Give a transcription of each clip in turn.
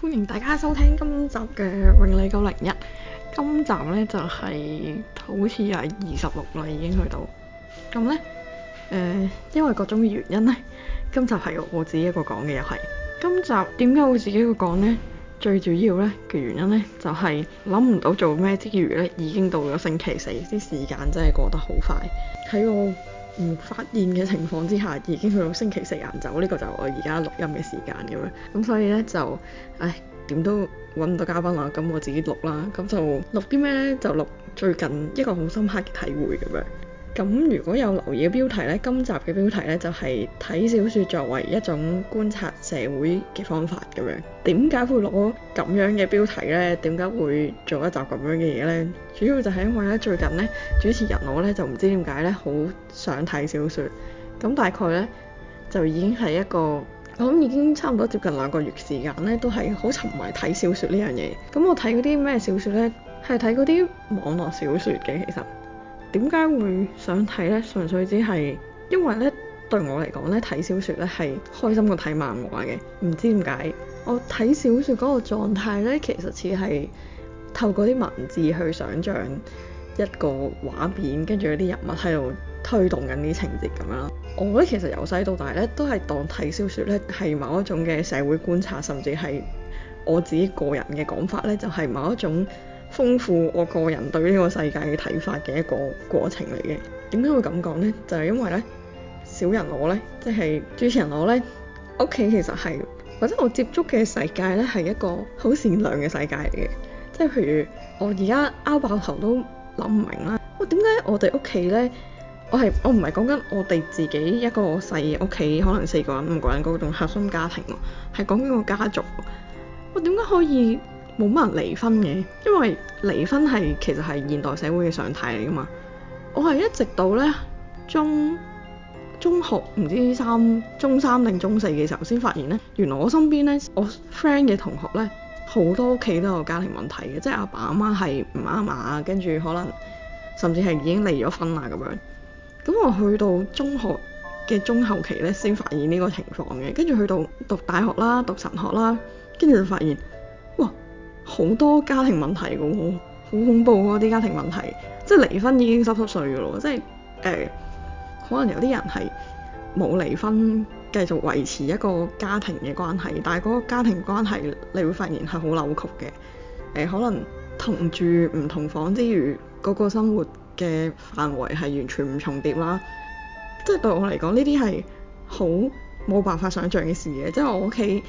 歡迎大家收聽今集嘅永利九零一。今集呢，就係、是、好似又係二十六啦，已經去到。咁呢，誒、呃，因為各種嘅原因呢，今集係我自己一個講嘅又係。今集點解會自己一個講呢？最主要呢，嘅原因呢，就係諗唔到做咩之餘呢，已經到咗星期四，啲時間真係過得好快。睇我、哦。唔發現嘅情況之下，已經去到星期四晏晝，呢個就我而家錄音嘅時間咁樣。咁所以呢，就，唉，點都揾唔到嘉賓啦。咁我自己錄啦。咁就錄啲咩呢？就錄最近一個好深刻嘅體會咁樣。咁如果有留意嘅標題呢，今集嘅標題呢，就係睇小說作為一種觀察社會嘅方法咁樣。點解會攞咁樣嘅標題呢？點解會做一集咁樣嘅嘢呢？主要就係因為呢，最近呢，主持人我呢，就唔知點解呢，好想睇小說。咁大概呢，就已經係一個，我諗已經差唔多接近兩個月時間呢，都係好沉迷睇小說呢樣嘢。咁我睇嗰啲咩小說呢？係睇嗰啲網絡小說嘅其實。點解會想睇呢？純粹只係因為咧，對我嚟講咧，睇小説咧係開心過睇漫畫嘅。唔知點解，我睇小説嗰個狀態咧，其實似係透過啲文字去想像一個畫面，跟住有啲人物喺度推動緊啲情節咁樣啦。我覺得其實由細到大咧，都係當睇小説咧係某一種嘅社會觀察，甚至係我自己個人嘅講法咧，就係某一種，豐富我個人對呢個世界嘅睇法嘅一個過程嚟嘅。點解會咁講呢？就係因為呢，小人我呢，即係主持人我呢，屋企其實係或者我接觸嘅世界呢，係一個好善良嘅世界嚟嘅。即係譬如我而家拗爆頭都諗唔明啦。我點解我哋屋企呢？我係我唔係講緊我哋自己一個細屋企，可能四個人五個人嗰種核心家庭喎，係講緊個家族。我點解可以？冇乜人離婚嘅，因為離婚係其實係現代社會嘅常態嚟噶嘛。我係一直到咧中中學唔知三中三定中四嘅時候，先發現咧，原來我身邊咧我 friend 嘅同學咧好多屋企都有家庭問題嘅，即係阿爸阿媽係唔啱啊，跟住可能甚至係已經離咗婚啦咁樣。咁我去到中學嘅中後期咧，先發現呢個情況嘅，跟住去到讀大學啦、讀神學啦，跟住就發現，哇！好多家庭問題㗎喎，好恐怖㗎啲家庭問題，即係離婚已經濕濕碎㗎咯，即係誒、呃、可能有啲人係冇離婚繼續維持一個家庭嘅關係，但係嗰個家庭關係你會發現係好扭曲嘅，誒、呃、可能同住唔同房之餘，嗰、個生活嘅範圍係完全唔重疊啦，即係對我嚟講呢啲係好冇辦法想像嘅事嘅，即係我屋企。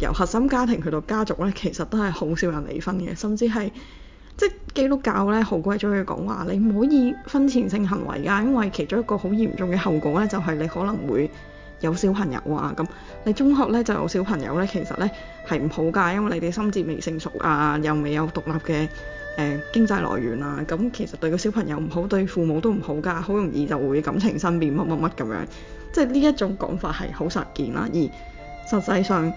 由核心家庭去到家族咧，其實都係好少人離婚嘅，甚至係，即係基督教咧，好鬼中意講話，你唔可以婚前性行為噶因為其中一個好嚴重嘅後果咧，就係你可能會有小朋友啊。咁你中學咧就有小朋友咧，其實咧係唔好噶因為你哋心智未成熟啊，又未有獨立嘅誒、呃、經濟來源啊。咁其實對個小朋友唔好，對父母都唔好噶好容易就會感情生變乜乜乜咁樣，即係呢一種講法係好實見啦，而實際上。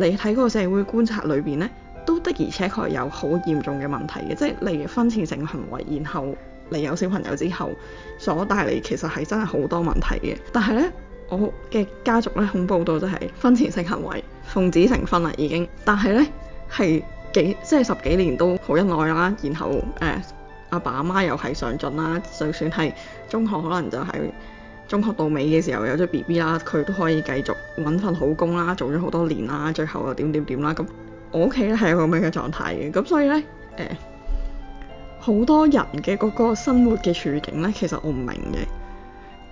你睇個社會觀察裏邊呢，都的而且確有好嚴重嘅問題嘅，即係例如婚前性行為，然後你有小朋友之後所帶嚟其實係真係好多問題嘅。但係呢，我嘅家族呢，恐怖到就係婚前性行為奉子成婚啦已經，但係呢，係幾即係十幾年都好恩愛啦，然後誒阿爸阿媽又係上進啦，就算係中學可能就係、是。中學到尾嘅時候有咗 B B 啦，佢都可以繼續揾份好工啦，做咗好多年啦，最後又點點點啦。咁我屋企咧係一個咩嘅狀態嘅？咁所以呢，誒、呃，好多人嘅嗰個生活嘅處境呢，其實我唔明嘅。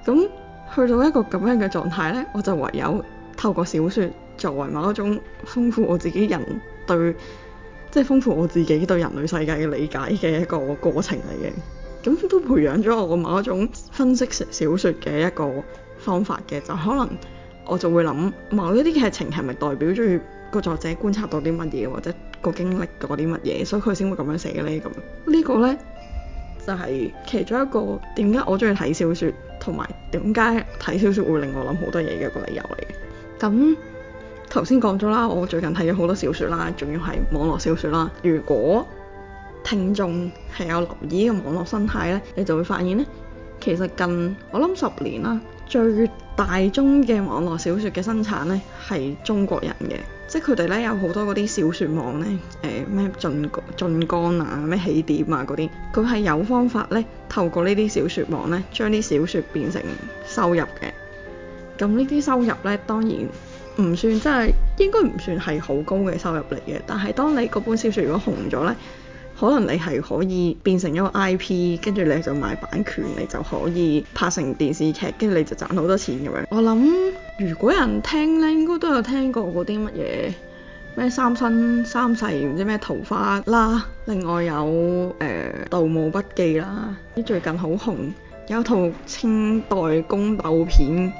咁去到一個咁樣嘅狀態呢，我就唯有透過小説作為某一種豐富我自己人對，即係豐富我自己對人類世界嘅理解嘅一個過程嚟嘅。咁都培養咗我某一種分析小説嘅一個方法嘅，就可能我就會諗某一啲劇情係咪代表住個作者觀察到啲乜嘢，或者個經歷過啲乜嘢，所以佢先會咁樣寫呢。咁，呢個呢，就係其中一個點解我中意睇小説，同埋點解睇小説會令我諗好多嘢嘅一個理由嚟。咁頭先講咗啦，我最近睇咗好多小説啦，仲要係網絡小説啦。如果聽眾係有留意嘅網絡生態呢，你就會發現呢。其實近我諗十年啦，最大宗嘅網絡小說嘅生產呢，係中國人嘅，即係佢哋呢，有好多嗰啲小說網呢，誒咩晉晉江啊、咩起點啊嗰啲，佢係有方法呢，透過呢啲小說網呢，將啲小說變成收入嘅。咁呢啲收入呢，當然唔算真係應該唔算係好高嘅收入嚟嘅，但係當你嗰本小說如果紅咗呢。可能你係可以變成一個 IP，跟住你就賣版權，你就可以拍成電視劇，跟住你就賺好多錢咁樣。我諗如果有人聽呢，應該都有聽過嗰啲乜嘢咩三生三世唔知咩桃花啦，另外有誒《盜墓筆記》啦，啲最近好紅，有一套清代宮鬥片，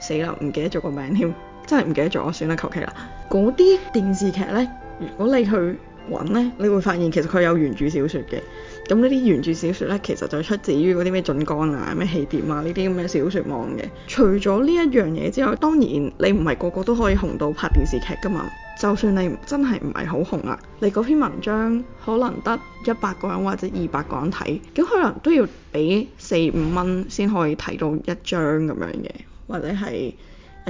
死啦唔記得咗個名添，真係唔記得咗，我算啦求其啦。嗰啲電視劇呢，如果你去。揾咧，你會發現其實佢有原著小說嘅。咁呢啲原著小說咧，其實就出自於嗰啲咩晉江啊、咩起點啊呢啲咁嘅小說網嘅。除咗呢一樣嘢之外，當然你唔係個個都可以紅到拍電視劇㗎嘛。就算你真係唔係好紅啊，你嗰篇文章可能得一百個人或者二百個人睇，咁可能都要俾四五蚊先可以睇到一章咁樣嘅，或者係。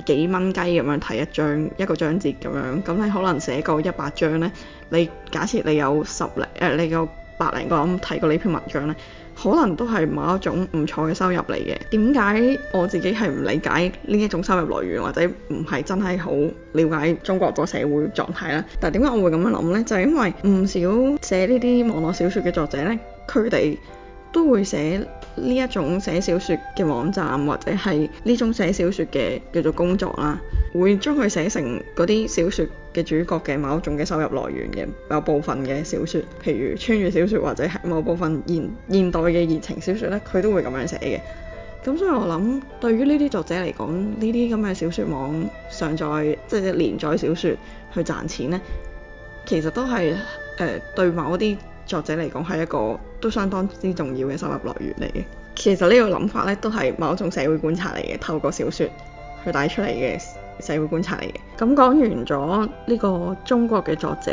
幾蚊雞咁樣睇一章一個章節咁樣，咁你可能寫個一百章呢。你假設你有十零誒、呃、你有百零個咁睇過呢篇文章呢，可能都係某一種唔錯嘅收入嚟嘅。點解我自己係唔理解呢一種收入來源或者唔係真係好了解中國個社會狀態啦？但點解我會咁樣諗呢？就係、因為唔少寫呢啲網絡小說嘅作者呢，佢哋。都會寫呢一種寫小說嘅網站，或者係呢種寫小說嘅叫做工作啦，會將佢寫成嗰啲小說嘅主角嘅某一種嘅收入來源嘅。有部分嘅小說，譬如穿越小說或者係某部分現現代嘅熱情小說呢，佢都會咁樣寫嘅。咁所以我諗，對於呢啲作者嚟講，呢啲咁嘅小說網上載即係連載小說去賺錢呢，其實都係誒、呃、對某啲作者嚟講係一個。都相當之重要嘅收入來源嚟嘅。其實呢個諗法呢，都係某種社會觀察嚟嘅，透過小説去帶出嚟嘅社會觀察嚟嘅。咁講完咗呢個中國嘅作者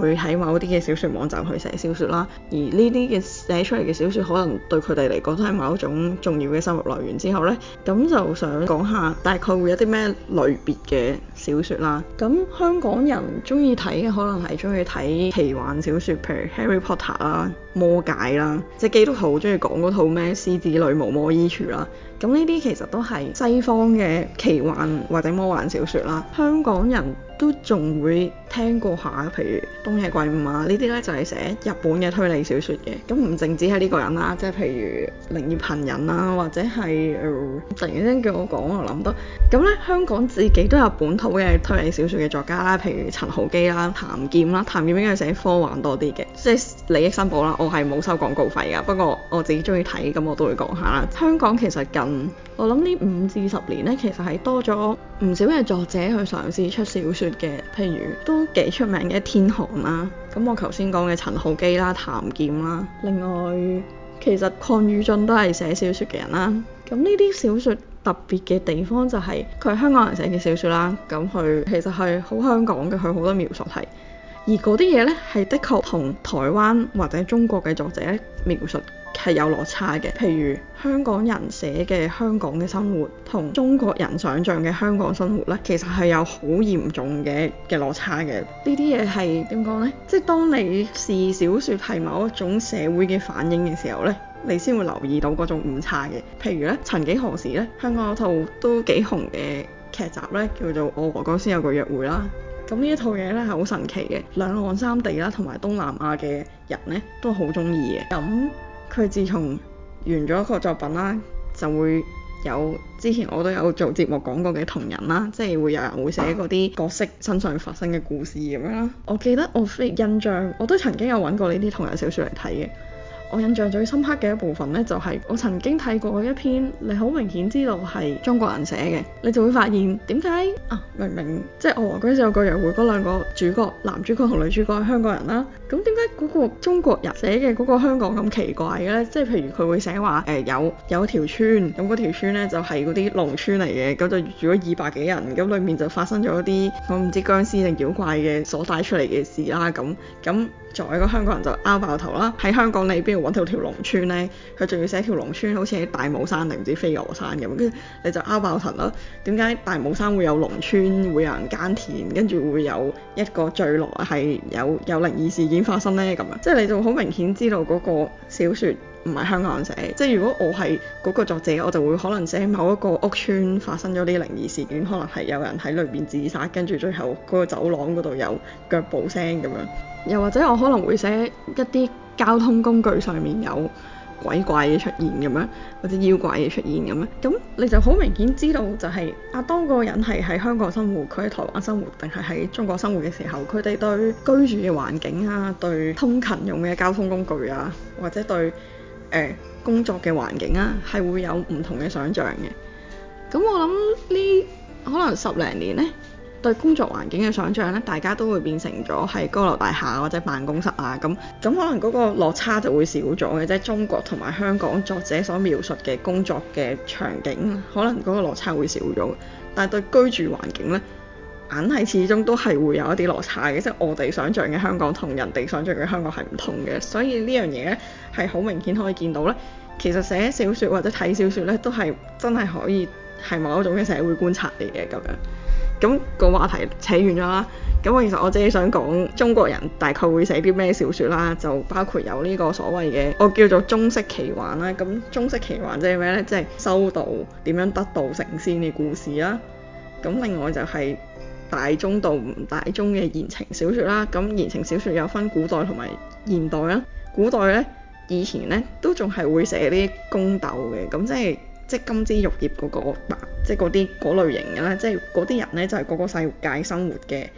會喺某啲嘅小説網站去寫小説啦，而呢啲嘅寫出嚟嘅小説可能對佢哋嚟講都係某種重要嘅收入來源之後呢，咁就想講下大概會有啲咩類別嘅小説啦。咁香港人中意睇嘅可能係中意睇奇幻小説，譬如 Harry Potter 啦。魔戒啦，即係基督徒好中意講嗰套咩《獅子女巫魔衣櫥》啦，咁呢啲其實都係西方嘅奇幻或者魔幻小說啦，香港人都仲會聽過下，譬如冬夜《東野圭吾》啊，呢啲呢就係、是、寫日本嘅推理小説嘅。咁唔淨止係呢個人啦，即係譬如林業貧人啦，嗯、或者係誒、呃，突然之間叫我講，我諗得。咁呢，香港自己都有本土嘅推理小説嘅作家啦，譬如陳浩基啦、譚劍啦，譚劍應該係寫科幻多啲嘅，即係利益申報啦，我係冇收廣告費㗎，不過我自己中意睇，咁我都會講下啦。香港其實近，我諗呢五至十年呢，其實係多咗唔少嘅作者去嘗試出小説。嘅，譬如都幾出名嘅天航啦，咁我頭先講嘅陳浩基啦、譚劍啦，另外其實鄺俊宇都係寫小說嘅人啦，咁呢啲小說特別嘅地方就係佢係香港人寫嘅小說啦，咁佢其實係好香港嘅，佢好多描述係，而嗰啲嘢呢，係的確同台灣或者中國嘅作者描述，係有落差嘅，譬如香港人寫嘅香港嘅生活，同中國人想像嘅香港生活呢，其實係有好嚴重嘅嘅落差嘅。呢啲嘢係點講呢？即係當你視小説係某一種社會嘅反映嘅時候呢，你先會留意到嗰種誤差嘅。譬如呢，曾幾何時呢，香港有套都幾紅嘅劇集呢，叫做《我和殭屍有個約會》啦。咁呢一套嘢呢，係好神奇嘅，兩岸三地啦，同埋東南亞嘅人呢，都好中意嘅。咁佢自從完咗一個作品啦，就會有之前我都有做節目講過嘅同人啦，即係會有人會寫嗰啲角色身上發生嘅故事咁樣啦。我記得我非常印象，我都曾經有揾過呢啲同人小説嚟睇嘅。我印象最深刻嘅一部分呢，就係、是、我曾經睇過嗰一篇，你好明顯知道係中國人寫嘅，你就會發現點解啊明明即係《我和殭屍有個約會》嗰兩個主角，男主角同女主角係香港人啦、啊，咁點解嗰個中國人寫嘅嗰個香港咁奇怪嘅呢？即係譬如佢會寫話誒、呃、有有一條村，咁嗰條村呢就係嗰啲農村嚟嘅，咁就住咗二百幾人，咁裏面就發生咗啲我唔知僵屍定妖怪嘅所帶出嚟嘅事啦、啊、咁。咁作為一個香港人就拗爆頭啦，喺香港你裏邊。揾到條農村咧，佢仲要寫條農村好似喺大帽山定唔知飛鵝山咁，跟住你就拗爆騰啦。點解大帽山會有農村，會有人耕田，跟住會有一個墜落係有有靈異事件發生咧咁樣？即係你就好明顯知道嗰個小説唔係香港寫。即係如果我係嗰個作者，我就會可能寫某一個屋村發生咗啲靈異事件，可能係有人喺裏邊自殺，跟住最後嗰個走廊嗰度有腳步聲咁樣。又或者我可能會寫一啲，交通工具上面有鬼怪嘅出現咁樣，或者妖怪嘅出現咁樣，咁你就好明顯知道就係阿多個人係喺香港生活，佢喺台灣生活，定係喺中國生活嘅時候，佢哋對居住嘅環境啊，對通勤用嘅交通工具啊，或者對誒、呃、工作嘅環境啊，係會有唔同嘅想像嘅。咁我諗呢可能十零年呢。對工作環境嘅想像咧，大家都會變成咗係高樓大廈或者辦公室啊咁，咁可能嗰個落差就會少咗嘅即啫。即係、中國同埋香港作者所描述嘅工作嘅場景，可能嗰個落差會少咗。但係對居住環境咧，硬係始終都係會有一啲落差嘅。即、就、係、係、我哋想像嘅香港同人哋想像嘅香港係唔同嘅。所以呢樣嘢咧係好明顯可以見到咧，其實寫小説或者睇小説咧都係真係可以係某一種嘅社會觀察嚟嘅咁樣。咁個話題扯遠咗啦。咁我其實我自己想講中國人大概會寫啲咩小説啦，就包括有呢個所謂嘅我叫做中式奇幻啦。咁中式奇幻即係咩呢？即係修道點樣得道成仙嘅故事啦。咁另外就係大眾度唔大眾嘅言情小説啦。咁言情小説有分古代同埋現代啦。古代呢，以前呢，都仲係會寫啲宮鬥嘅。咁即係。即金枝玉葉嗰、嗰個即嗰啲嗰類型嘅咧，即嗰啲人咧就係嗰個世界生活嘅，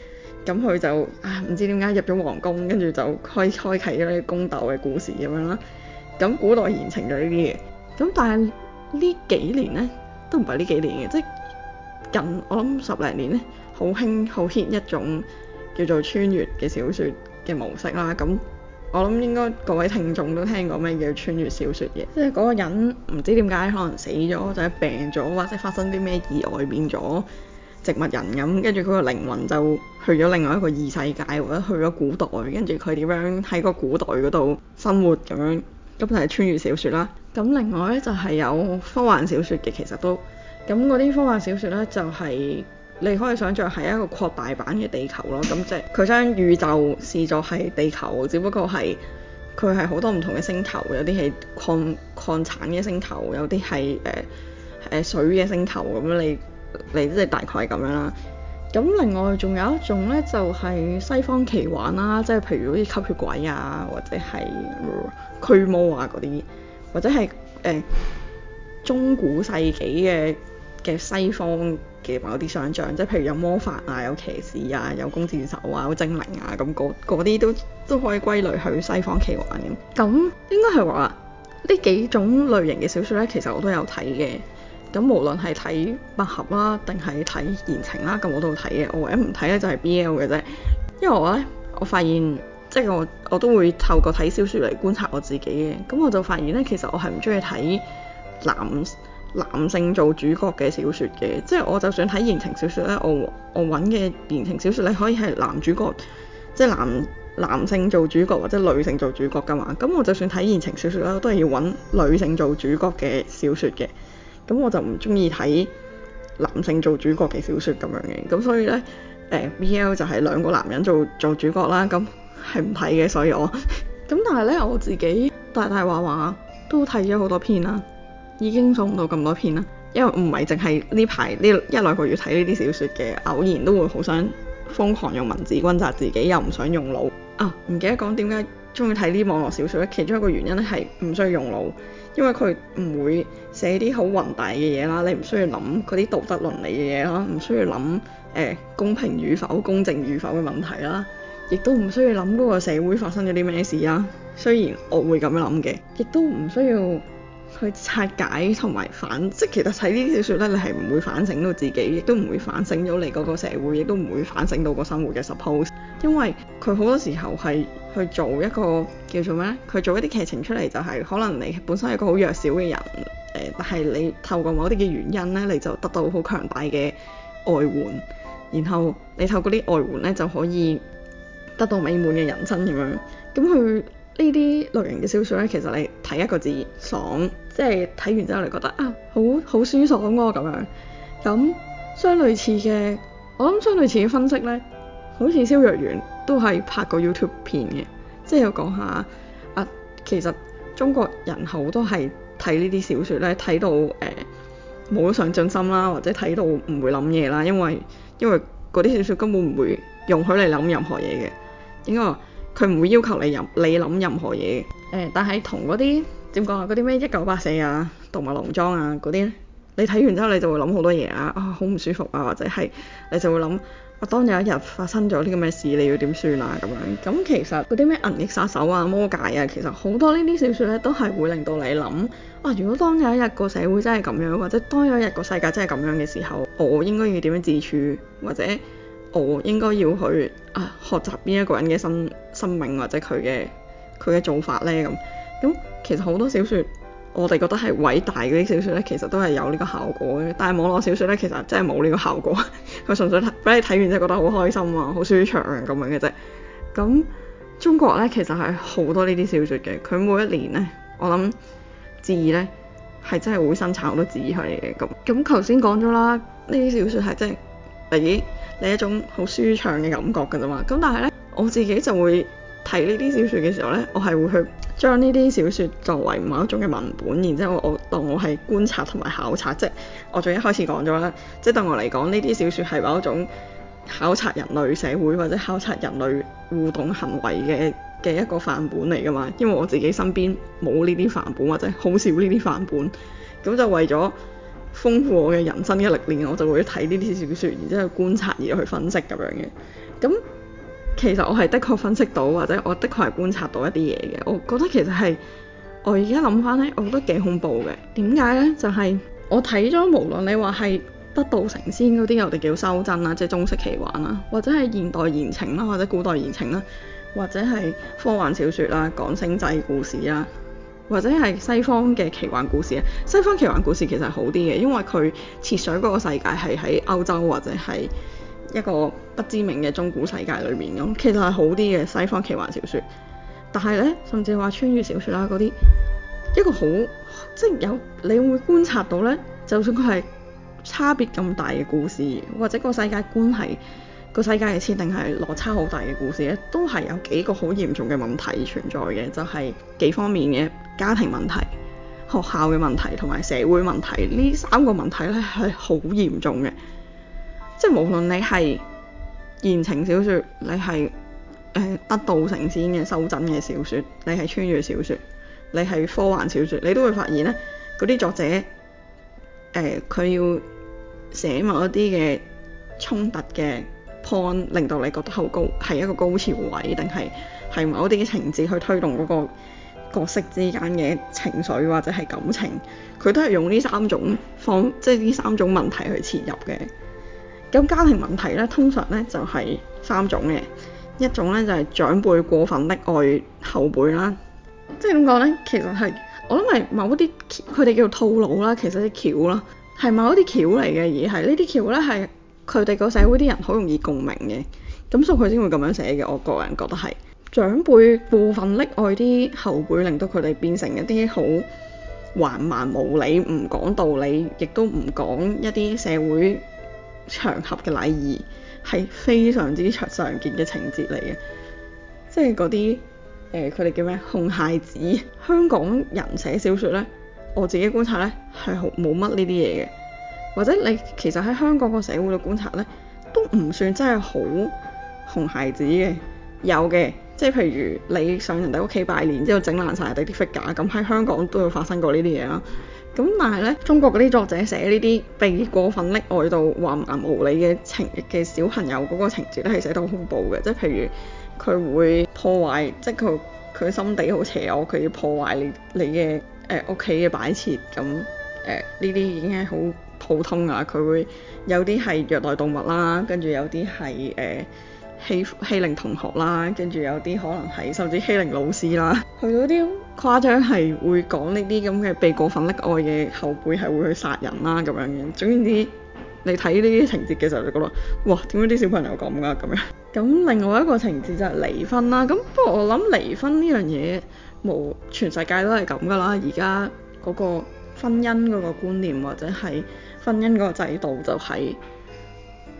咁佢就唔、啊、知點解入咗皇宮，跟住就開開啓咗啲宮鬥嘅故事咁樣啦。咁古代言情就呢啲嘢。咁但係呢幾年咧，都唔係呢幾年嘅，即近我諗十零年咧，好興好 hit 一種叫做穿越嘅小説嘅模式啦。咁我諗應該各位聽眾都聽過咩叫穿越小説嘅，即係嗰個人唔知點解可能死咗、就是，或者病咗，或者發生啲咩意外變咗植物人咁，跟住佢個靈魂就去咗另外一個異世界或者去咗古代，跟住佢點樣喺個古代嗰度生活咁樣，咁就係、是、穿越小説啦。咁另外呢，就係、是、有科幻小説嘅，其實都咁嗰啲科幻小説呢，就係、是。你可以想象係一個擴大版嘅地球咯，咁即係佢將宇宙視作係地球，只不過係佢係好多唔同嘅星球，有啲係礦礦產嘅星球，有啲係誒誒水嘅星球咁，你你即係大概係咁樣啦。咁另外仲有一種咧，就係西方奇幻啦，即係譬如好似吸血鬼啊，或者係驅魔啊嗰啲，或者係誒中古世紀嘅嘅西方。嘅某啲想象，即係譬如有魔法啊、有騎士啊、有弓箭手啊、有精靈啊，咁嗰啲都都可以歸類去西方奇幻嘅。咁應該係話呢幾種類型嘅小説呢，其實我都有睇嘅。咁無論係睇百合啦，定係睇言情啦，咁我都睇嘅。我唯一唔睇呢就係 BL 嘅啫，因為我呢我發現即係、就是、我我都會透過睇小説嚟觀察我自己嘅。咁我就發現呢，其實我係唔中意睇男。男性做主角嘅小説嘅，即係我就算睇言情小説咧，我我揾嘅言情小説咧可以係男主角，即係男男性做主角或者女性做主角噶嘛，咁我就算睇言情小説啦，我都係要揾女性做主角嘅小説嘅，咁我就唔中意睇男性做主角嘅小説咁樣嘅，咁所以咧誒、欸、BL 就係兩個男人做做主角啦，咁係唔睇嘅，所以我咁 但係咧我自己大大話話都睇咗好多篇啦。已經做到咁多篇啦，因為唔係淨係呢排呢一兩個月睇呢啲小説嘅，偶然都會好想瘋狂用文字轟炸自己，又唔想用腦。啊，唔記得講點解中意睇呢啲網絡小説咧，其中一個原因咧係唔需要用腦，因為佢唔會寫啲好宏大嘅嘢啦，你唔需要諗嗰啲道德倫理嘅嘢啦，唔需要諗誒、呃、公平與否、公正與否嘅問題啦，亦都唔需要諗嗰個社會發生咗啲咩事啦。雖然我會咁樣諗嘅，亦都唔需要。去拆解同埋反，即係其實睇呢啲小說咧，你係唔會反省到自己，亦都唔會反省到你嗰個社會，亦都唔會反省到個生活嘅 suppose，因為佢好多時候係去做一個叫做咩咧？佢做一啲劇情出嚟就係、是、可能你本身係一個好弱小嘅人，誒，但係你透過某啲嘅原因咧，你就得到好強大嘅外援，然後你透過啲外援咧就可以得到美滿嘅人生咁樣，咁佢。呢啲類型嘅小説呢，其實你睇一個字爽，即係睇完之後你覺得啊，好好舒爽啊咁樣。咁相類似嘅，我諗相類似嘅分析呢，好似蕭若元都係拍過 YouTube 片嘅，即係有講下啊，其實中國人好多係睇呢啲小説呢，睇到誒冇上進心啦，或者睇到唔會諗嘢啦，因為因為嗰啲小説根本唔會容許你諗任何嘢嘅，應該話。佢唔會要求你入你諗任何嘢誒、欸，但係同嗰啲點講啊？嗰啲咩《一九八四》啊，《動物農莊》啊，啊嗰啲咧，你睇完之後你就會諗好多嘢啊，啊好唔舒服啊，或者係你就會諗，我、啊、當有一日發生咗啲咁嘅事，你要點算啊？咁樣咁、嗯、其實嗰啲咩《銀翼殺手》啊，《魔戒》啊，其實好多說呢啲小説咧都係會令到你諗啊。如果當有一日個社會真係咁樣，或者當有一日個世界真係咁樣嘅時候，我應該要點樣自處，或者我應該要去啊學習邊一個人嘅心？生命或者佢嘅佢嘅做法咧咁，咁其實好多小説我哋覺得係偉大嗰啲小説咧，其實都係有呢個效果嘅。但係網絡小説咧，其實真係冇呢個效果，佢 純粹俾你睇完之後覺得好開心啊，好舒暢咁樣嘅啫。咁中國咧其實係好多呢啲小説嘅，佢每一年咧，我諗字咧係真係會生產好多字嚟嘅。咁咁頭先講咗啦，呢啲小説係真係俾你一種好舒暢嘅感覺㗎啫嘛。咁但係咧。我自己就會睇呢啲小説嘅時候呢，我係會去將呢啲小説作為某一種嘅文本，然之後我，我當我係觀察同埋考察，即係我最一開始講咗啦，即係對我嚟講，呢啲小説係某一種考察人類社會或者考察人類互動行為嘅嘅一個範本嚟㗎嘛。因為我自己身邊冇呢啲範本或者好少呢啲範本，咁就為咗豐富我嘅人生嘅歷練，我就會睇呢啲小説，然之後觀察而去分析咁樣嘅咁。其實我係的確分析到，或者我的確係觀察到一啲嘢嘅。我覺得其實係我而家諗翻呢，我覺得幾恐怖嘅。點解呢？就係我睇咗，無論你話係得道成仙嗰啲，我哋叫修真啦，即係中式奇幻啦，或者係現代言情啦，或者古代言情啦，或者係科幻小説啦，講星際故事啊，或者係西方嘅奇幻故事啊。西方奇幻故事其實好啲嘅，因為佢設想嗰個世界係喺歐洲或者係，一個不知名嘅中古世界裏面，咁，其實係好啲嘅西方奇幻小説。但係呢，甚至話穿越小説啦嗰啲，一個好即係有，你會觀察到呢，就算佢係差別咁大嘅故事，或者個世界觀係個世界設定係落差好大嘅故事咧，都係有幾個好嚴重嘅問題存在嘅，就係幾方面嘅家庭問題、學校嘅問題同埋社會問題呢三個問題呢係好嚴重嘅。即係無論你係言情小説，你係誒得道成仙嘅修真嘅小説，你係穿越小説，你係科幻小説，你都會發現咧，嗰啲作者誒佢、呃、要寫某一啲嘅衝突嘅 point，令到你覺得好高係一個高潮位，定係係某啲情節去推動嗰個角色之間嘅情緒或者係感情，佢都係用呢三種方即係呢三種問題去切入嘅。咁家庭問題咧，通常咧就係三種嘅，一種咧就係長輩過分溺愛後輩啦，即係點講咧？其實係我諗係某啲佢哋叫做套路啦，其實啲橋啦，係某啲橋嚟嘅，而係呢啲橋咧係佢哋個社會啲人好容易共鳴嘅，咁所以佢先會咁樣寫嘅。我個人覺得係長輩過分溺愛啲後輩，令到佢哋變成一啲好橫蠻無理、唔講道理，亦都唔講一啲社會場合嘅禮儀，係非常之常見嘅情節嚟嘅，即係嗰啲誒佢哋叫咩熊孩子？香港人寫小説呢，我自己觀察呢，係好冇乜呢啲嘢嘅，或者你其實喺香港個社會度觀察呢，都唔算真係好熊孩子嘅，有嘅，即係譬如你上人哋屋企拜年之後整爛晒人哋啲 figure，咁喺香港都有發生過呢啲嘢啦。咁但係咧，中國嗰啲作者寫呢啲被過分溺愛到橫蠻無理嘅情嘅小朋友嗰個情節咧，係寫到好恐怖嘅。即係譬如佢會破壞，即係佢佢心地好邪惡，佢要破壞你你嘅誒屋企嘅擺設咁誒。呢啲、呃、已經係好普通㗎。佢會有啲係虐待動物啦，跟住有啲係誒。呃欺欺凌同學啦，跟住有啲可能係甚至欺凌老師啦。佢嗰啲誇張係會講呢啲咁嘅被過分溺愛嘅後輩係會去殺人啦咁樣嘅。總之，你睇呢啲情節嘅時候就覺得，哇，點解啲小朋友咁㗎咁樣？咁另外一個情節就係離婚啦。咁不過我諗離婚呢樣嘢冇全世界都係咁㗎啦。而家嗰個婚姻嗰個觀念或者係婚姻嗰個制度就係、是。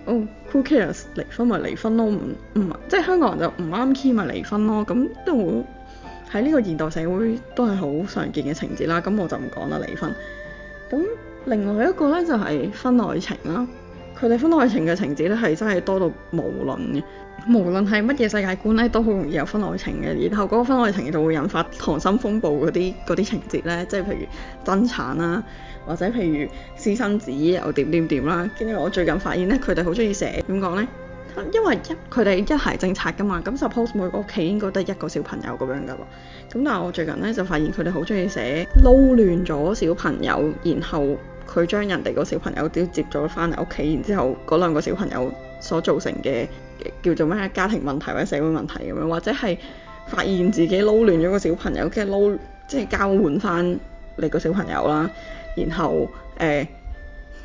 哦 who cares? 離婚咪離婚咯，唔唔即係香港人就唔啱 key 咪離婚咯，咁都喺呢個現代社會都係好常見嘅情節啦，咁我就唔講啦離婚。咁另外一個咧就係、是、婚外情啦。佢哋婚外情嘅情節咧，係真係多到無論嘅，無論係乜嘢世界觀咧，都好容易有婚外情嘅。然後嗰個婚外情就會引發溏心風暴嗰啲嗰啲情節咧，即係譬如爭產啦，或者譬如私生子又點點點啦。跟住我最近發現咧，佢哋好中意寫，點講咧。因為一佢哋一孩政策㗎嘛，咁 suppose 每個屋企應該得一個小朋友咁樣㗎喎。咁但係我最近咧就發現佢哋好中意寫撈亂咗小朋友，然後佢將人哋個小朋友都接咗翻嚟屋企，然之後嗰兩個小朋友所造成嘅叫做咩家庭問題或者社會問題咁樣，或者係發現自己撈亂咗個小，小朋友，跟住撈即係交換翻你個小朋友啦，然後誒。呃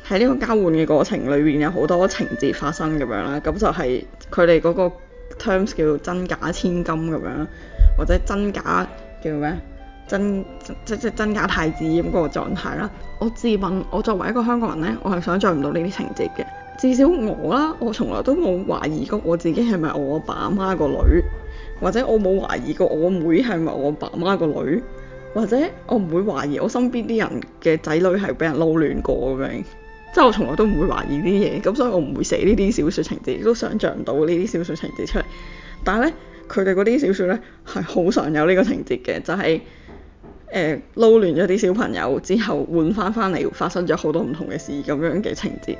喺呢個交換嘅過程裏邊，有好多情節發生咁樣啦。咁就係佢哋嗰個 terms 叫真假千金咁樣，或者真假叫咩真即即真假太子咁個狀態啦。我自問，我作為一個香港人呢，我係想像唔到呢啲情節嘅。至少我啦，我從來都冇懷疑過我自己係咪我爸媽個女，或者我冇懷疑過我妹係咪我爸媽個女，或者我唔會懷疑我身邊啲人嘅仔女係俾人撈亂過咁樣。即係我從來都唔會懷疑啲嘢，咁所以我唔會寫呢啲小説情節，亦都想像唔到呢啲小説情節出嚟。但係咧，佢哋嗰啲小説咧係好常有呢個情節嘅，就係、是、誒、呃、撈亂咗啲小朋友之後換，換翻翻嚟發生咗好多唔同嘅事咁樣嘅情節。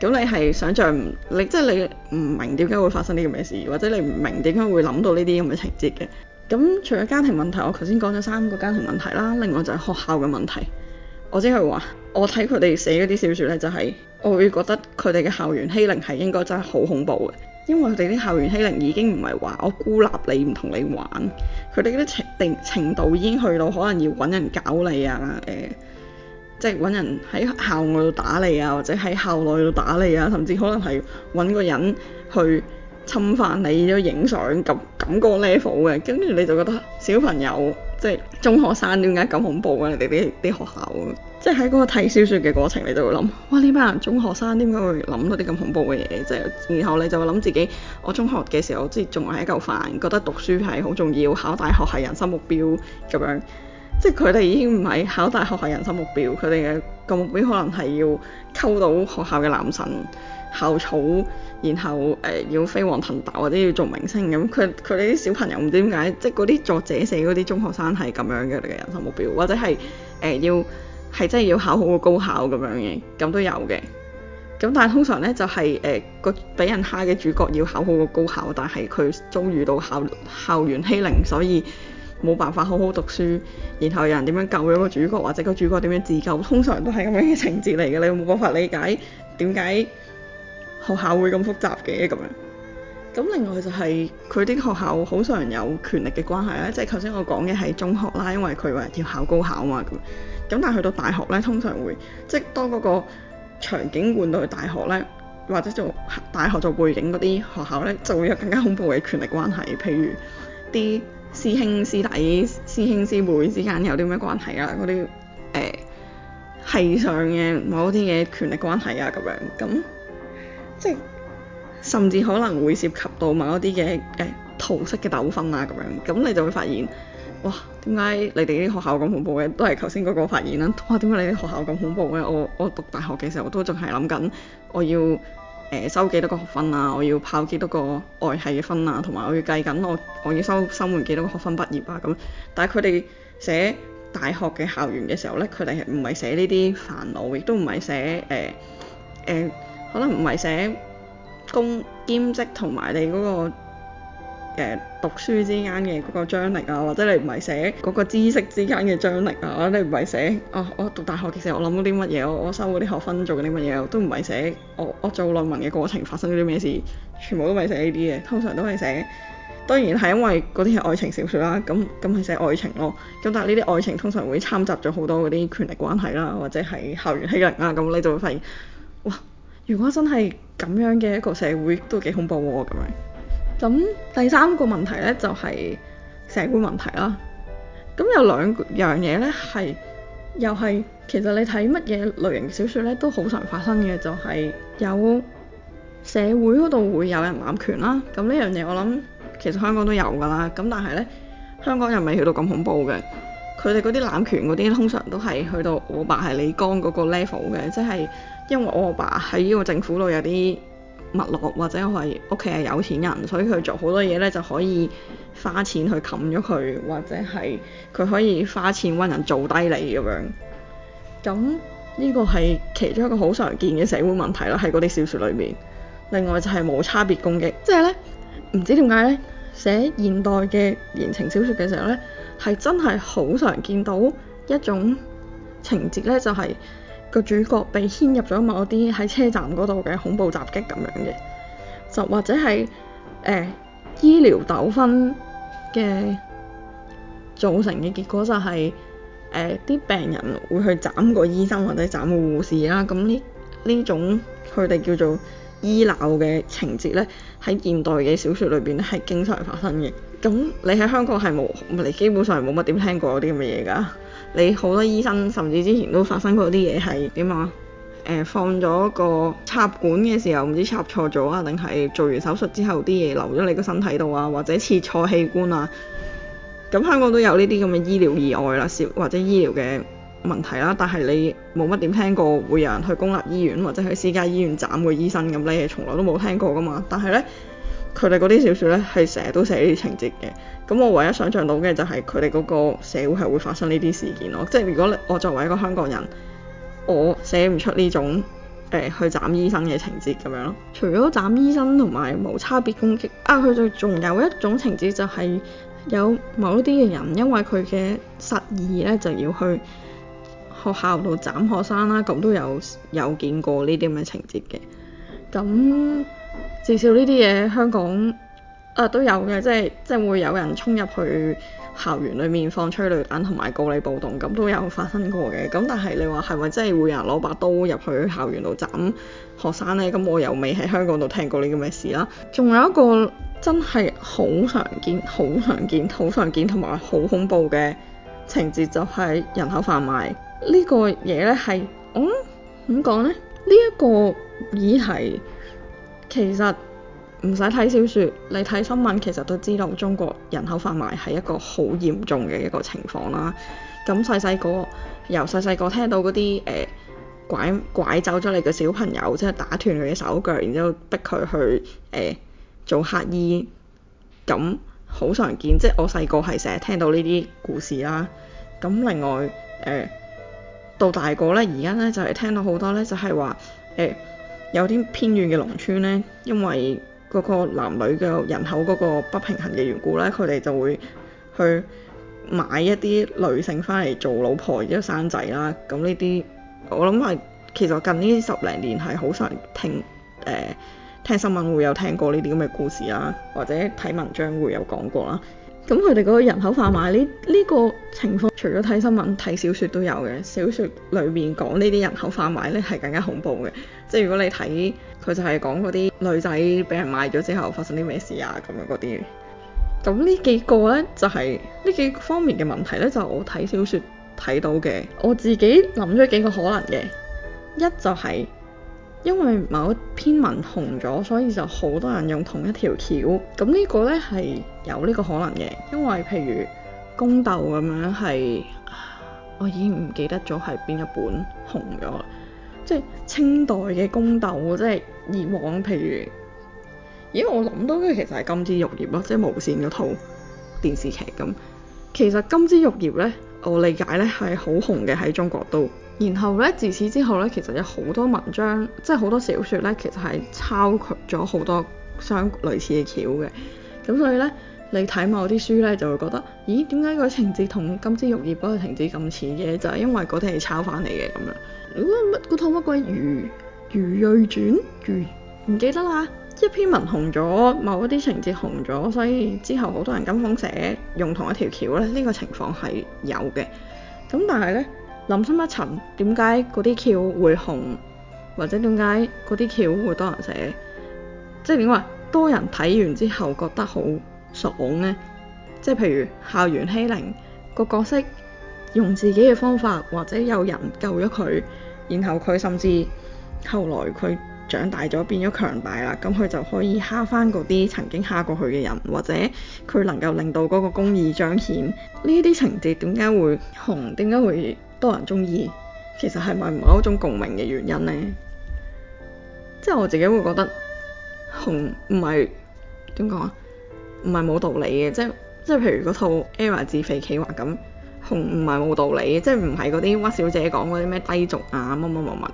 咁你係想像唔，你即係、就是、你唔明點解會發生呢啲咁嘅事，或者你唔明點解會諗到呢啲咁嘅情節嘅。咁除咗家庭問題，我頭先講咗三個家庭問題啦，另外就係學校嘅問題。我即係話，我睇佢哋寫嗰啲小説呢、就係，就係我會覺得佢哋嘅校園欺凌係應該真係好恐怖嘅，因為佢哋啲校園欺凌已經唔係話我孤立你唔同你玩，佢哋嗰啲情定程度已經去到可能要揾人搞你啊、呃，即係揾人喺校外度打你啊，或者喺校內度打你啊，甚至可能係揾個人去侵犯你都影相咁感覺 level 嘅，跟住你就覺得小朋友。即係中學生點解咁恐怖啊？你哋啲啲學校，即係喺嗰個睇小說嘅過程，你都會諗，哇！呢班人中學生點解會諗到啲咁恐怖嘅嘢？即係然後你就會諗自己，我中學嘅時候即係仲係一嚿飯，覺得讀書係好重要，考大學係人生目標咁樣。即係佢哋已經唔係考大學係人生目標，佢哋嘅個目標可能係要溝到學校嘅男神。校草，然後誒、呃、要飛黃騰達或者要做明星咁，佢佢哋啲小朋友唔知點解，即係嗰啲作者寫嗰啲中學生係咁樣嘅你嘅人生目標，或者係誒、呃、要係真係要考好個高考咁樣嘅，咁都有嘅。咁但係通常呢，就係、是、誒、呃、個俾人蝦嘅主角要考好個高考，但係佢遭遇到校校園欺凌，所以冇辦法好好讀書。然後有人點樣救咗個主角，或者個主角點樣自救，通常都係咁樣嘅情節嚟嘅。你冇辦法理解點解？學校會咁複雜嘅咁樣，咁另外就係佢啲學校好常有權力嘅關係啦，即係頭先我講嘅係中學啦，因為佢話要考高考嘛咁。咁但係去到大學呢，通常會即係多嗰個場景換到去大學呢，或者做大學做背景嗰啲學校呢，就會有更加恐怖嘅權力關係，譬如啲師兄師弟、師兄師妹之間有啲咩關係啊，嗰啲誒系上嘅某啲嘅權力關係啊咁樣咁。即甚至可能會涉及到某一啲嘅誒桃色嘅糾紛啊，咁樣咁你就會發現，哇點解你哋啲學校咁恐怖嘅、啊？都係頭先嗰個發現啦。哇點解你啲學校咁恐怖嘅、啊？我我讀大學嘅時候都仲係諗緊，我，我要誒、呃、收幾多個學分啊，我要跑幾多個外系嘅分啊，同埋我要計緊我我要收收滿幾多個學分畢業啊咁。但係佢哋寫大學嘅校園嘅時候咧，佢哋係唔係寫呢啲煩惱，亦都唔係寫誒誒。呃呃呃可能唔係寫公兼職同埋你嗰、那個誒、呃、讀書之間嘅嗰個張力啊，或者你唔係寫嗰個知識之間嘅張力啊，你唔係寫啊、哦、我讀大學其實我諗到啲乜嘢，我收嗰啲學分做緊啲乜嘢，都唔係寫我我做論文嘅過程發生咗啲咩事，全部都唔係寫呢啲嘅，通常都係寫當然係因為嗰啲係愛情小說啦，咁咁係寫愛情咯，咁但係呢啲愛情通常會摻雜咗好多嗰啲權力關係啦，或者係校園欺凌啊，咁你就會發現。如果真係咁樣嘅一個社會都幾恐怖喎咁樣。咁第三個問題呢，就係社會問題啦。咁有兩樣嘢呢，係又係其實你睇乜嘢類型小説呢，都好常發生嘅，就係有社會嗰度會有人濫權啦。咁呢樣嘢我諗其實香港都有㗎啦。咁但係呢，香港又未去到咁恐怖嘅，佢哋嗰啲濫權嗰啲通常都係去到我爸係李剛嗰個 level 嘅，即係。因為我阿爸喺呢個政府度有啲脈絡，或者係屋企係有錢人，所以佢做好多嘢呢就可以花錢去冚咗佢，或者係佢可以花錢揾人做低你咁樣。咁呢個係其中一個好常見嘅社會問題咯，喺嗰啲小説裡面。另外就係冇差別攻擊，即係呢唔知點解呢，寫現代嘅言情小説嘅時候呢，係真係好常見到一種情節呢，就係。個主角被牽入咗某啲喺車站嗰度嘅恐怖襲擊咁樣嘅，就或者係誒、呃、醫療糾紛嘅造成嘅結果就係誒啲病人會去斬個醫生或者斬個護士啦。咁呢呢種佢哋叫做醫鬧嘅情節咧，喺現代嘅小説裏邊咧係經常發生嘅。咁你喺香港係冇，你基本上冇乜點聽過嗰啲咁嘅嘢㗎。你好多醫生甚至之前都發生過啲嘢係點啊？誒、呃、放咗個插管嘅時候唔知插錯咗啊，定係做完手術之後啲嘢留咗你個身體度啊，或者切錯器官啊？咁香港都有呢啲咁嘅醫療意外啦，或者醫療嘅問題啦。但係你冇乜點聽過會有人去公立醫院或者去私家醫院斬個醫生咁咧，你從來都冇聽過噶嘛。但係呢，佢哋嗰啲小説呢，係成日都寫呢啲情節嘅。咁我唯一想像到嘅就係佢哋嗰個社會係會發生呢啲事件咯，即係如果我作為一個香港人，我寫唔出呢種誒、欸、去斬醫生嘅情節咁樣咯。除咗斬醫生同埋無差別攻擊，啊佢仲有一種情節就係有某啲嘅人因為佢嘅失意咧，就要去學校度斬學生啦，咁都有有見過呢啲咁嘅情節嘅。咁至少呢啲嘢香港。啊都有嘅，即係即係會有人衝入去校園裏面放催淚彈同埋告你暴動，咁都有發生過嘅。咁但係你話係咪真係會有人攞把刀入去校園度斬學生呢？咁我又未喺香港度聽過呢啲咁嘅事啦。仲有一個真係好常見、好常見、好常見同埋好恐怖嘅情節，就係人口販賣呢個嘢呢係，嗯，點講呢？呢一個議題其實。唔使睇小説，你睇新聞其實都知道中國人口販賣係一個好嚴重嘅一個情況啦。咁細細個，由細細個聽到嗰啲誒拐拐走咗你嘅小朋友，即係打斷佢嘅手腳，然之後逼佢去誒、呃、做乞兒。咁好常見。即係我細個係成日聽到呢啲故事啦。咁另外誒、呃、到大個咧，而家咧就係、是、聽到好多咧，就係話誒有啲偏遠嘅農村咧，因為嗰個男女嘅人口嗰個不平衡嘅緣故咧，佢哋就會去買一啲女性返嚟做老婆，而生仔啦。咁呢啲我諗係其實近呢十零年係好常聽誒、呃、聽新聞會有聽過呢啲咁嘅故事啦，或者睇文章會有講過啦。咁佢哋嗰個人口販賣呢，呢個情況，除咗睇新聞、睇小説都有嘅。小説裏面講呢啲人口販賣呢係更加恐怖嘅，即 係如果你睇佢就係講嗰啲女仔俾人賣咗之後發生啲咩事啊，咁樣嗰啲。咁呢幾個呢，就係、係、呢幾個方面嘅問題呢就係、我睇小説睇到嘅，我自己諗咗幾個可能嘅，一就係、係。因為某一篇文紅咗，所以就好多人用同一條橋。咁呢個呢係有呢個可能嘅，因為譬如宮鬥咁樣係，我已經唔記得咗係邊一本紅咗，即係清代嘅宮鬥，即係以往譬如，咦我諗到嘅其實係《金枝玉葉》咯，即係無線嗰套電視劇咁。其實《金枝玉葉》呢，我理解呢係好紅嘅喺中國都。然後咧，自此之後咧，其實有好多文章，即係好多小説咧，其實係抄佢咗好多相類似嘅橋嘅。咁所以咧，你睇某啲書咧，就會覺得，咦，點解個情節同《金枝玉葉》嗰個情節咁似嘅？就係因為嗰啲係抄翻嚟嘅咁樣。如果乜嗰套乜鬼《餘餘瑞傳》魚？餘唔記得啦。一篇文紅咗，某一啲情節紅咗，所以之後好多人跟風寫，用同一條橋咧，呢個情況係有嘅。咁但係咧。諗深一層，點解嗰啲橋會紅，或者點解嗰啲橋會多人寫？即係點話多人睇完之後覺得好爽呢？即係譬如校園欺凌，個角色用自己嘅方法，或者有人救咗佢，然後佢甚至後來佢長大咗變咗強大啦，咁佢就可以蝦翻嗰啲曾經蝦過佢嘅人，或者佢能夠令到嗰個公義彰顯。呢啲情節點解會紅？點解會？多人中意，其實係咪某一種共鳴嘅原因呢？即係我自己會覺得紅唔係點講啊，唔係冇道理嘅，即係即係譬如嗰套《ERROR 自肥企劃》咁紅，唔係冇道理，即係唔係嗰啲屈小姐講嗰啲咩低俗啊乜乜乜乜，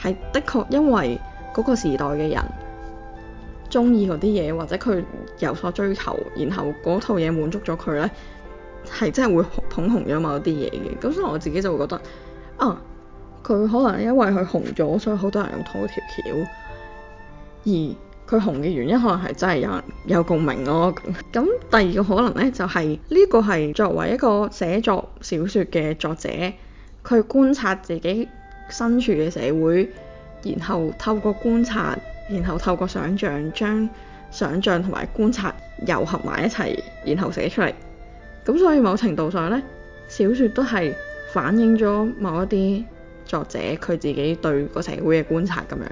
係的確因為嗰個時代嘅人中意嗰啲嘢，或者佢有所追求，然後嗰套嘢滿足咗佢咧。係真係會捧紅咗某啲嘢嘅，咁所以我自己就會覺得啊，佢可能因為佢紅咗，所以好多人用同條橋，而佢紅嘅原因可能係真係有人有共鳴咯、哦。咁 第二個可能呢、就是，就係呢個係作為一個寫作小説嘅作者，佢觀察自己身處嘅社會，然後透過觀察，然後透過想像，將想像同埋觀察糅合埋一齊，然後寫出嚟。咁所以某程度上咧，小說都係反映咗某一啲作者佢自己對個社會嘅觀察咁樣，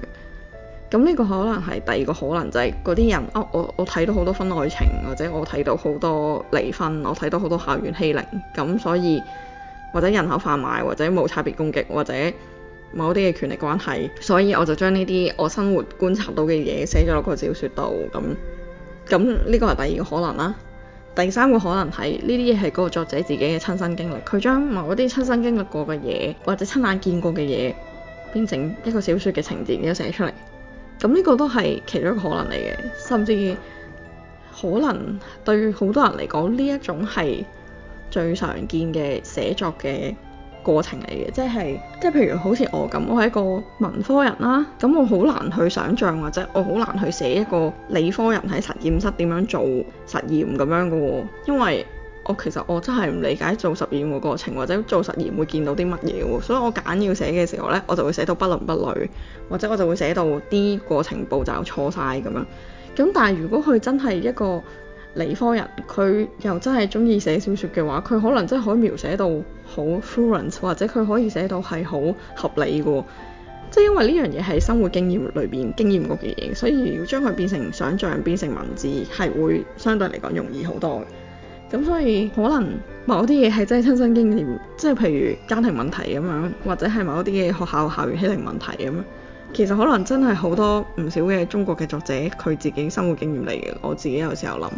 咁呢個可能係第二個可能就係嗰啲人，哦、啊，我我睇到好多婚外情，或者我睇到好多離婚，我睇到好多校園欺凌，咁所以或者人口販賣或者冇差別攻擊或者某啲嘅權力關係，所以我就將呢啲我生活觀察到嘅嘢寫咗落個小說度。咁咁呢個係第二個可能啦。第三個可能係呢啲嘢係嗰個作者自己嘅親身經歷，佢將某啲親身經歷過嘅嘢，或者親眼見過嘅嘢編成一個小説嘅情節而寫出嚟。咁呢個都係其中一個可能嚟嘅，甚至可能對好多人嚟講呢一種係最常見嘅寫作嘅過程嚟嘅，即係即係譬如好似我咁，我係一個文科人啦，咁我好難去想像或者我好難去寫一個理科人喺實驗室點樣做實驗咁樣嘅喎，因為我其實我真係唔理解做實驗個過程或者做實驗會見到啲乜嘢喎，所以我揀要寫嘅時候呢，我就會寫到不倫不類，或者我就會寫到啲過程步驟錯晒咁樣。咁但係如果佢真係一個理科人佢又真係中意寫小說嘅話，佢可能真係可以描寫到好 fluent 或者佢可以寫到係好合理嘅。即係因為呢樣嘢係生活經驗裏邊經驗過嘅嘢，所以要將佢變成想象變成文字係會相對嚟講容易好多，咁所以可能某啲嘢係真係親身經驗，即係譬如家庭問題咁樣，或者係某一啲嘅學校校園欺凌問題咁樣，其實可能真係好多唔少嘅中國嘅作者，佢自己生活經驗嚟嘅。我自己有時候諗。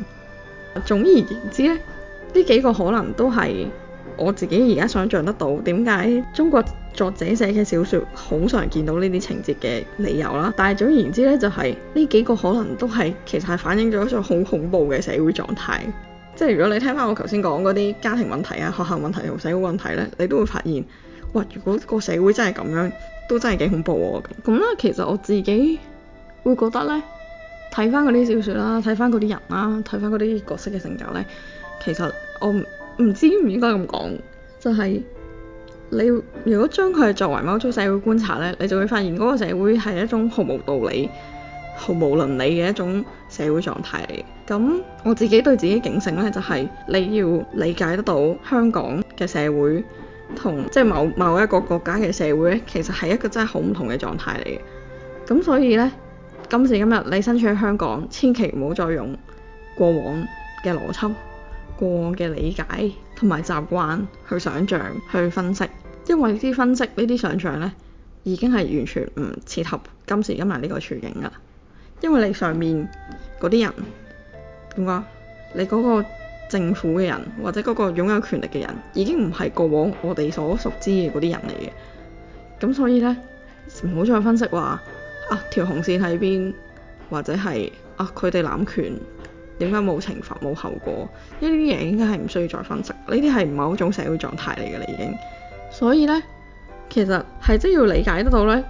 總而言之咧，呢幾個可能都係我自己而家想象得到，點解中國作者寫嘅小說好常見到呢啲情節嘅理由啦。但係總而言之呢就係、是、呢幾個可能都係其實係反映咗一種好恐怖嘅社會狀態。即係如果你聽翻我頭先講嗰啲家庭問題啊、學校問題同社會問題呢，你都會發現，哇！如果個社會真係咁樣，都真係幾恐怖。咁咧，其實我自己會覺得呢。睇翻嗰啲小説啦，睇翻嗰啲人啦，睇翻嗰啲角色嘅性格呢。其實我唔唔知應唔應該咁講，就係、是、你如果將佢作為某種社會觀察呢，你就會發現嗰個社會係一種毫無道理、毫無倫理嘅一種社會狀態嚟。咁我自己對自己警醒呢，就係、是、你要理解得到香港嘅社會同即係某某一個國家嘅社會呢，其實係一個真係好唔同嘅狀態嚟。咁所以呢。今時今日，你身處喺香港，千祈唔好再用過往嘅邏輯、過往嘅理解同埋習慣去想像、去分析，因為呢啲分析、呢啲想像呢，已經係完全唔切合今時今日呢個處境㗎。因為你上面嗰啲人點講？你嗰個政府嘅人，或者嗰個擁有權力嘅人，已經唔係過往我哋所熟知嘅嗰啲人嚟嘅。咁所以呢，唔好再分析話。啊，條紅線喺邊？或者係啊，佢哋濫權，點解冇懲罰、冇後果？呢啲嘢應該係唔需要再分析，呢啲係唔係某種社會狀態嚟嘅啦已經。所以咧，其實係真要理解得到咧。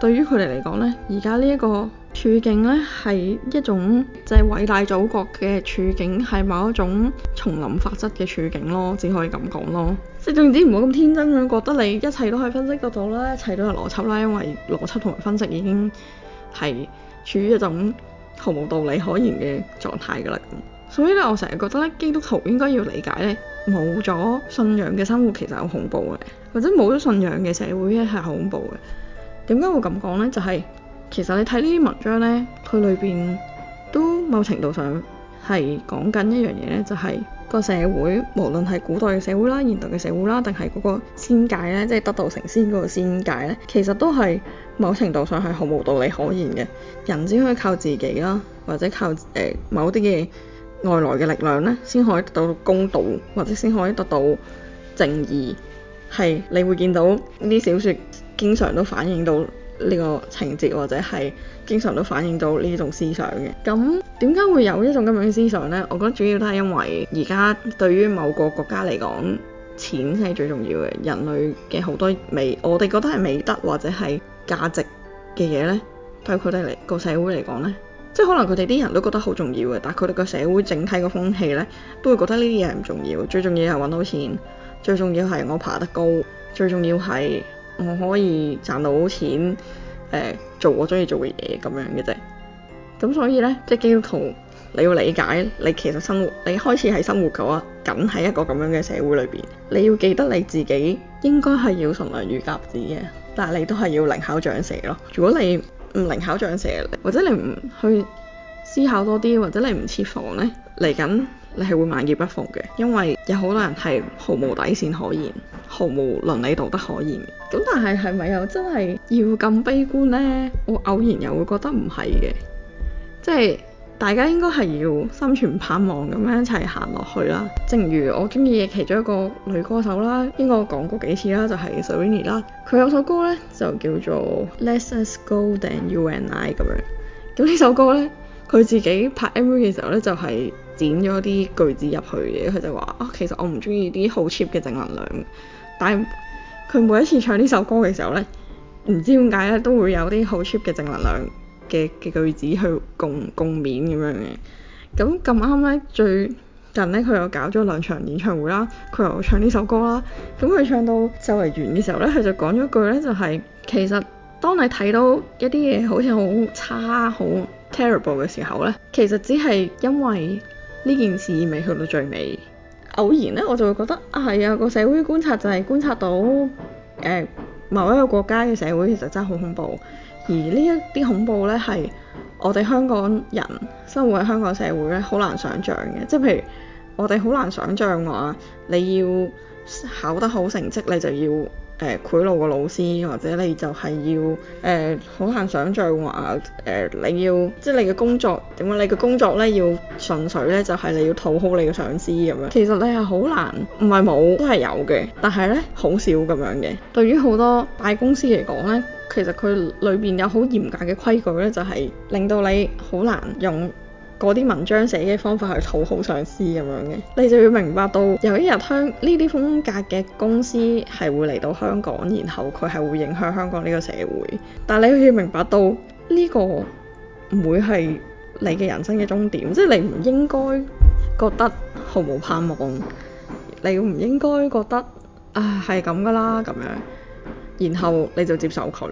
對於佢哋嚟講呢，而家呢一個處境呢，係一種就係偉大祖國嘅處境，係某一種叢林法則嘅處境咯，只可以咁講咯。即係總之，唔好咁天真咁覺得你一切都可以分析得到啦，一切都係邏輯啦，因為邏輯同埋分析已經係處於一種毫無道理可言嘅狀態㗎啦。咁所以咧，我成日覺得咧，基督徒應該要理解咧，冇咗信仰嘅生活其實好恐怖嘅，或者冇咗信仰嘅社會咧係恐怖嘅。點解會咁講呢？就係、是、其實你睇呢啲文章呢，佢裏邊都某程度上係講緊一樣嘢呢就係、是這個社會，無論係古代嘅社會啦、現代嘅社會啦，定係嗰個仙界呢，即、就、係、是、得道成仙嗰個仙界呢，其實都係某程度上係毫無道理可言嘅。人只可以靠自己啦，或者靠誒、呃、某啲嘅外來嘅力量呢，先可以得到公道，或者先可以得到正義。係你會見到呢啲小説。經常都反映到呢個情節，或者係經常都反映到呢種思想嘅。咁點解會有呢種咁樣嘅思想呢？我覺得主要都係因為而家對於某個國家嚟講，錢係最重要嘅。人類嘅好多美，我哋覺得係美德或者係價值嘅嘢呢，對佢哋嚟個社會嚟講呢，即係可能佢哋啲人都覺得好重要嘅，但係佢哋個社會整體個風氣呢，都會覺得呢啲嘢唔重要。最重要係揾到錢，最重要係我爬得高，最重要係。我可以賺到錢，誒、呃、做我中意做嘅嘢咁樣嘅啫。咁所以呢，即係基督徒，你要理解，你其實生活，你開始係生活嘅話，梗喺一個咁樣嘅社會裏邊，你要記得你自己應該係要純良如鴿子嘅，但係你都係要靈巧像蛇咯。如果你唔靈巧像蛇，或者你唔去思考多啲，或者你唔設防呢，嚟緊你係會萬劫不復嘅，因為有好多人係毫無底線可言。毫無倫理道德可言。咁但係係咪又真係要咁悲觀呢？我偶然又會覺得唔係嘅，即係大家應該係要心存盼望咁樣一齊行落去啦。正如我中意嘅其中一個女歌手啦，應該講過幾次啦，就係、是、Serrini 啦。佢有首歌呢，就叫做《Let Us Go Then You And I》咁樣。咁呢首歌呢，佢自己拍 MV 嘅時候呢，就係、是、剪咗啲句子入去嘅。佢就話啊、哦，其實我唔中意啲好 cheap 嘅正能量。但係佢每一次唱呢首歌嘅時候呢，唔知點解咧都會有啲好 cheap 嘅正能量嘅嘅句子去共共勉咁樣嘅。咁咁啱咧，最近呢，佢又搞咗兩場演唱會啦，佢又唱呢首歌啦。咁佢唱到周圍完嘅時候呢，佢就講咗句呢，就係：其實當你睇到一啲嘢好似好差、好 terrible 嘅時候呢，其實只係因為呢件事未去到最尾。偶然咧，我就會覺得啊，係、哎、啊，個社會觀察就係觀察到誒、呃、某一個國家嘅社會其實真係好恐怖，而呢一啲恐怖咧係我哋香港人生活喺香港社會咧好難想像嘅，即係譬如我哋好難想像話你要考得好成績，你就要。誒、呃、賄賂個老師，或者你就係要誒好難想像話誒你要，即係你嘅工作點解你嘅工作咧要純粹咧就係、是、你要討好你嘅上司咁樣。其實你係好難，唔係冇都係有嘅，但係咧好少咁樣嘅。對於好多大公司嚟講咧，其實佢裏邊有好嚴格嘅規矩咧，就係令到你好難用。嗰啲文章寫嘅方法係討好上司咁樣嘅，你就要明白到有一日香呢啲風格嘅公司係會嚟到香港，然後佢係會影響香港呢個社會。但係你要明白到呢個唔會係你嘅人生嘅終點，即係你唔應該覺得毫無盼望，你唔應該覺得啊係咁噶啦咁樣，然後你就接受佢。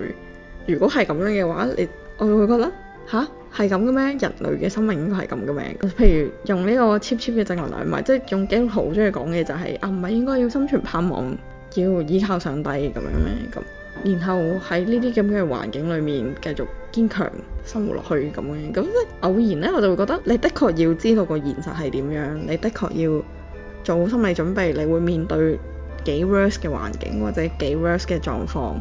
如果係咁樣嘅話，你我會覺得吓。係咁嘅咩？人類嘅生命應該係咁嘅咩？譬如用呢個 cheap cheap 嘅正能量嚟埋，即係用基督徒中意講嘅就係、是、啊，唔係應該要生存盼望，要依靠上帝咁樣咩？咁然後喺呢啲咁嘅環境裏面繼續堅強生活落去咁樣。咁偶然咧，我就會覺得你的確要知道個現實係點樣，你的確要做好心理準備，你會面對幾 worse 嘅環境或者幾 worse 嘅狀況。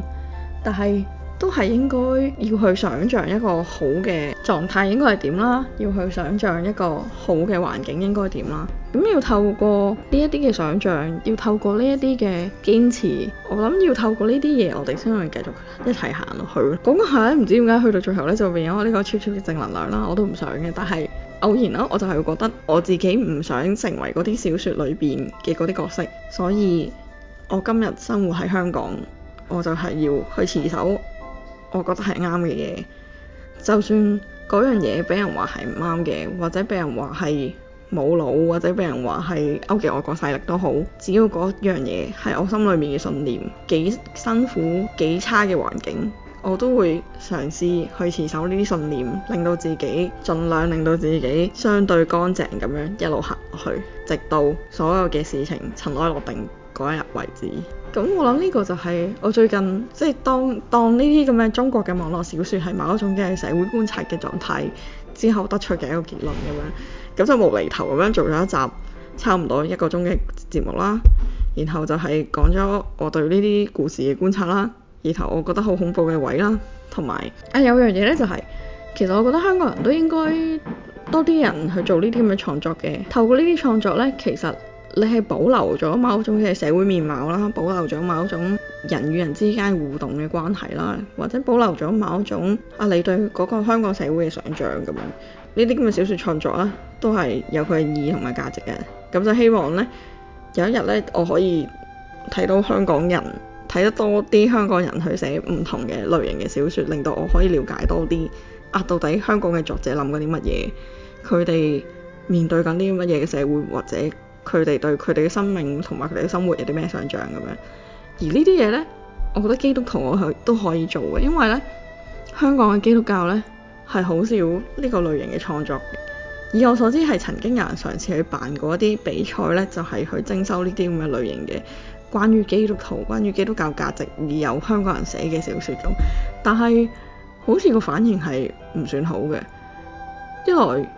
但係都係應該要去想像一個好嘅狀態應該係點啦，要去想像一個好嘅環境應該點啦。咁要透過呢一啲嘅想像，要透過呢一啲嘅堅持，我諗要透過呢啲嘢，我哋先可以繼續一齊行落去。講下唔知點解去到最後咧就變咗呢個超超嘅正能量啦，我都唔想嘅，但係偶然啦，我就係會覺得我自己唔想成為嗰啲小説裏邊嘅嗰啲角色，所以我今日生活喺香港，我就係要去持守。我覺得係啱嘅嘢，就算嗰樣嘢俾人話係唔啱嘅，或者俾人話係冇腦，或者俾人話係勾結外國勢力都好，只要嗰樣嘢係我心裏面嘅信念，幾辛苦、幾差嘅環境，我都會嘗試去持守呢啲信念，令到自己盡量令到自己相對乾淨咁樣一路行落去，直到所有嘅事情塵埃落定嗰一日為止。咁我諗呢個就係我最近即係、就是、當當呢啲咁嘅中國嘅網絡小說係某一種嘅社會觀察嘅狀態之後得出嘅一個結論咁樣，咁就無厘頭咁樣做咗一集差唔多一個鐘嘅節目啦，然後就係講咗我對呢啲故事嘅觀察啦，然後我覺得好恐怖嘅位啦，同埋啊有樣嘢呢，就係、是、其實我覺得香港人都應該多啲人去做呢啲咁嘅創作嘅，透過呢啲創作呢，其實。你係保留咗某種嘅社會面貌啦，保留咗某種人與人之間互動嘅關係啦，或者保留咗某種啊，你對嗰個香港社會嘅想像咁樣，呢啲咁嘅小説創作啦，都係有佢嘅意義同埋價值嘅。咁就希望咧，有一日咧，我可以睇到香港人睇得多啲香港人去寫唔同嘅類型嘅小説，令到我可以了解多啲啊，到底香港嘅作者諗嗰啲乜嘢，佢哋面對緊啲乜嘢嘅社會或者。佢哋對佢哋嘅生命同埋佢哋嘅生活有啲咩想象咁樣？而呢啲嘢呢，我覺得基督徒我係都可以做嘅，因為呢，香港嘅基督教呢係好少呢個類型嘅創作嘅。以我所知，係曾經有人嘗試去辦過一啲比賽呢就係、係、去徵收呢啲咁嘅類型嘅關於基督徒、關於基督教價值而有香港人寫嘅小説咁，但係好似個反應係唔算好嘅。一來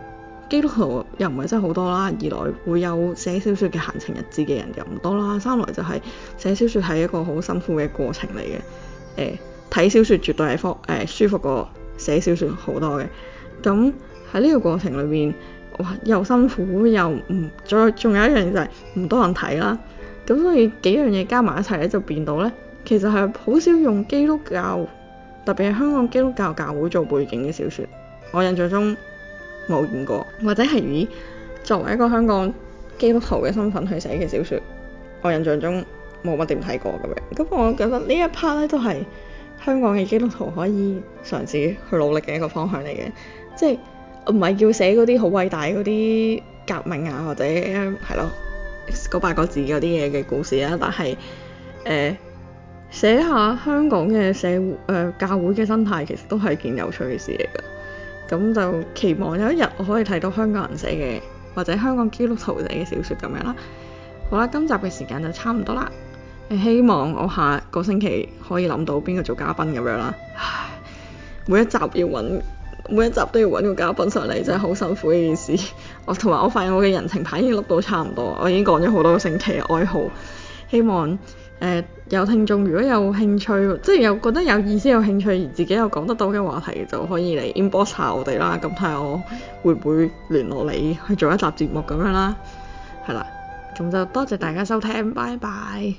基督徒又唔係真係好多啦，二來會有寫小説嘅閒情逸緻嘅人又唔多啦，三來就係寫小説係一個好辛苦嘅過程嚟嘅，誒、欸、睇小説絕對係方誒舒服過寫小説好多嘅，咁喺呢個過程裏面，哇又辛苦又唔再，仲有，有一樣嘢就係唔多人睇啦，咁所以幾樣嘢加埋一齊咧就變到咧，其實係好少用基督教，特別係香港基督教教會做背景嘅小説，我印象中。冇演過，或者係以作為一個香港基督徒嘅身份去寫嘅小説，我印象中冇乜點睇過咁樣。咁我覺得呢一 part 咧都係香港嘅基督徒可以嘗試去努力嘅一個方向嚟嘅，即係唔係叫寫嗰啲好偉大嗰啲革命啊或者係咯嗰八個字嗰啲嘢嘅故事啊，但係誒寫下香港嘅社會誒、呃、教會嘅生態其實都係件有趣嘅事嚟㗎。咁就期望有一日我可以睇到香港人寫嘅，或者香港基督徒寫嘅小説咁樣啦。好啦，今集嘅時間就差唔多啦。希望我下個星期可以諗到邊個做嘉賓咁樣啦。唉，每一集要揾，每一集都要揾個嘉賓上嚟，真係好辛苦嘅件事。 我同埋我發現我嘅人情牌已經碌到差唔多，我已經講咗好多個星期嘅愛好。希望。誒、呃、有聽眾如果有興趣，即係有覺得有意思、有興趣而自己又講得到嘅話題，就可以嚟 inbox 下我哋啦。咁睇下我會唔會聯絡你去做一集節目咁樣啦。係啦，咁就多謝大家收聽，拜拜。